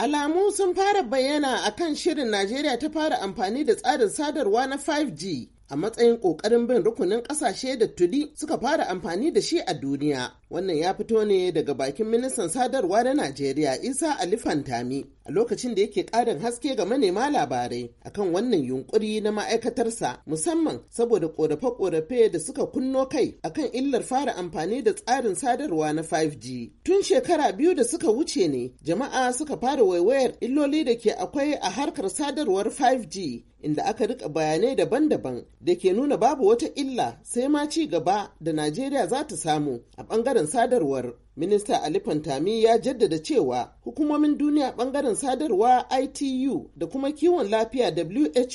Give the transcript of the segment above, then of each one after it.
Alamu sun fara bayyana a kan shirin Najeriya ta fara amfani da tsarin sadarwa na 5G a matsayin ƙoƙarin bin rukunin ƙasashe da tuli suka fara amfani da shi a duniya. Wannan ya fito ne daga bakin ministan sadarwa na Najeriya Isa Alifantami. a lokacin da yake ƙarin haske ga manema labarai akan wannan yunkuri na ma'aikatarsa musamman saboda ƙorafe-ƙorafe da suka kunno kai akan illar fara amfani da tsarin sadarwa na 5G. Tun shekara biyu da suka wuce ne jama'a suka fara waiwayar illoli da ke akwai a harkar sadarwar 5G inda aka rika bayanai daban-daban da ke nuna babu wata illa sai ma ci gaba da Najeriya za ta samu a ɓangaren sadarwar. Minista Ali Fantami ya jaddada cewa hukumomin duniya bangaren sadarwa ITU da kuma kiwon lafiya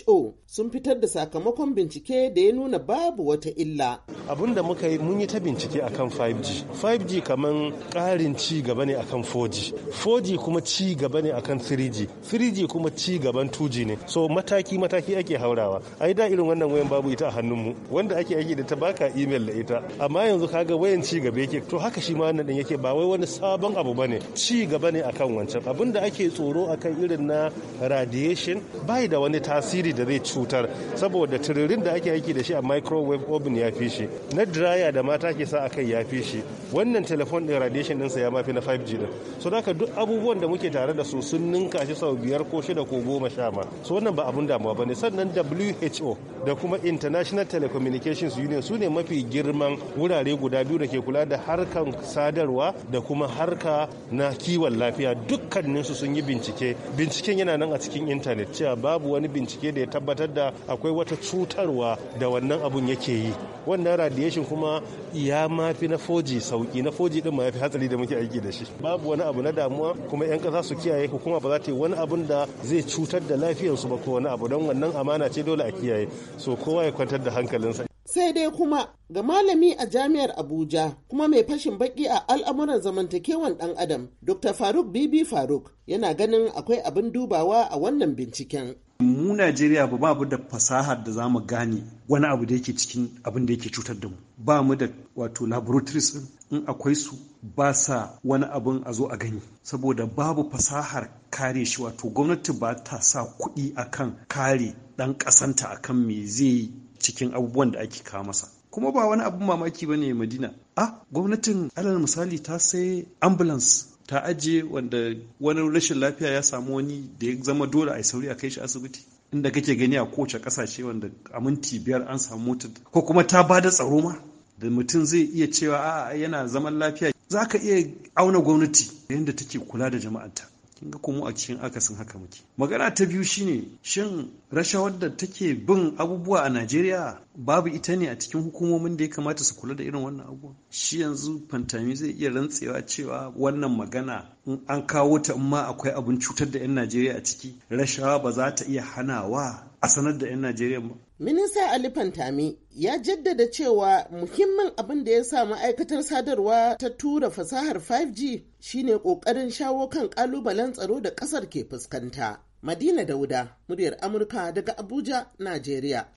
WHO sun fitar da sakamakon bincike da ya nuna babu wata illa. Abin da muka yi mun yi ta bincike akan 5G. 5G kaman ƙarin ci gaba ne akan 4G. 4G kuma ci gaba ne akan 3G. 3G kuma ci gaban 2G ne. So mataki mataki ake haurawa. Ai da irin wannan wayan babu ita a hannunmu. Wanda ake aiki da ta baka email da ita. Amma yanzu kaga wayan ci gaba yake to haka shi ma wannan yake ba wai wani sabon abu ba ne ci gaba ne akan wancan abin da ake tsoro akan irin na radiation bai da wani tasiri da zai cutar saboda tiririn da ake aiki da shi a microwave oven ya fi shi na dryer da mata ke sa akai ya fi shi wannan telefon din radiation ɗinsa ya mafi na 5G din so da duk abubuwan da muke tare da su sun ninka shi sau biyar ko shida ko goma sha ma so wannan ba abun damuwa ba ne sannan WHO da kuma International Telecommunications Union su ne mafi girman wurare guda biyu da ke kula da harkan sadarwa koyarwa da kuma harka na kiwon lafiya dukkaninsu sun yi bincike binciken yana nan a cikin intanet cewa babu wani bincike da ya tabbatar da akwai wata cutarwa da wannan abun yake yi wannan radiation kuma ya mafi na foji sauki na foji din ma ya fi hatsari da muke aiki da shi babu wani abu na damuwa kuma 'yan kasa su kiyaye hukuma ba za ta yi wani abun da zai cutar da lafiyarsu ba ko wani abu don wannan amana ce dole a kiyaye so kowa ya kwantar da hankalinsa Sai dai kuma ga malami a jami'ar Abuja kuma mai fashin baki a al'amuran zamantakewan ɗan adam Dr. Faruk Bibi Faruk yana ganin akwai abin dubawa a wannan binciken. mu Najeriya ba ba da fasahar da zamu gane wani abu da yake cikin abin da yake cutar da mu ba mu da wato laboratories in akwai su ba sa wani abin a zo a gani saboda babu fasahar kare shi wato gwamnati ba ta sa kuɗi akan kare ɗan ƙasanta akan me zai cikin abubuwan da ake kawo masa kuma ba wani abin mamaki ba ne madina a gwamnatin alal misali ta sai ambulance ta ajiye wanda wani rashin lafiya ya samu wani da ya zama dole a sauri a kai shi asibiti inda kake gani a kowace kasashe wanda a minti biyar an samu motar ko kuma ta ba da tsaro ma da mutum zai iya cewa a yana zaman lafiya za ka iya auna gwamnati yadda take kula da jama'anta ga kuma a cikin akasin haka muke magana ta biyu shine shin rashawar da take bin abubuwa a Najeriya babu ita ne a cikin hukumomin da ya kamata su kula da irin wannan abubuwa shi yanzu fantami zai iya rantsewa cewa wannan magana in an kawo ta in ma akwai abin cutar da 'yan Najeriya a ciki rashawa ba za ta iya hanawa a sanar da 'yan Najeriya ba Minista Ali Fantami ya jaddada cewa muhimmin abin da ya sa ma'aikatar sadarwa ta tura fasahar 5G shine ƙoƙarin shawo kan ƙalubalen tsaro da ƙasar ke fuskanta. Madina Dauda, muryar Amurka daga Abuja, Najeriya.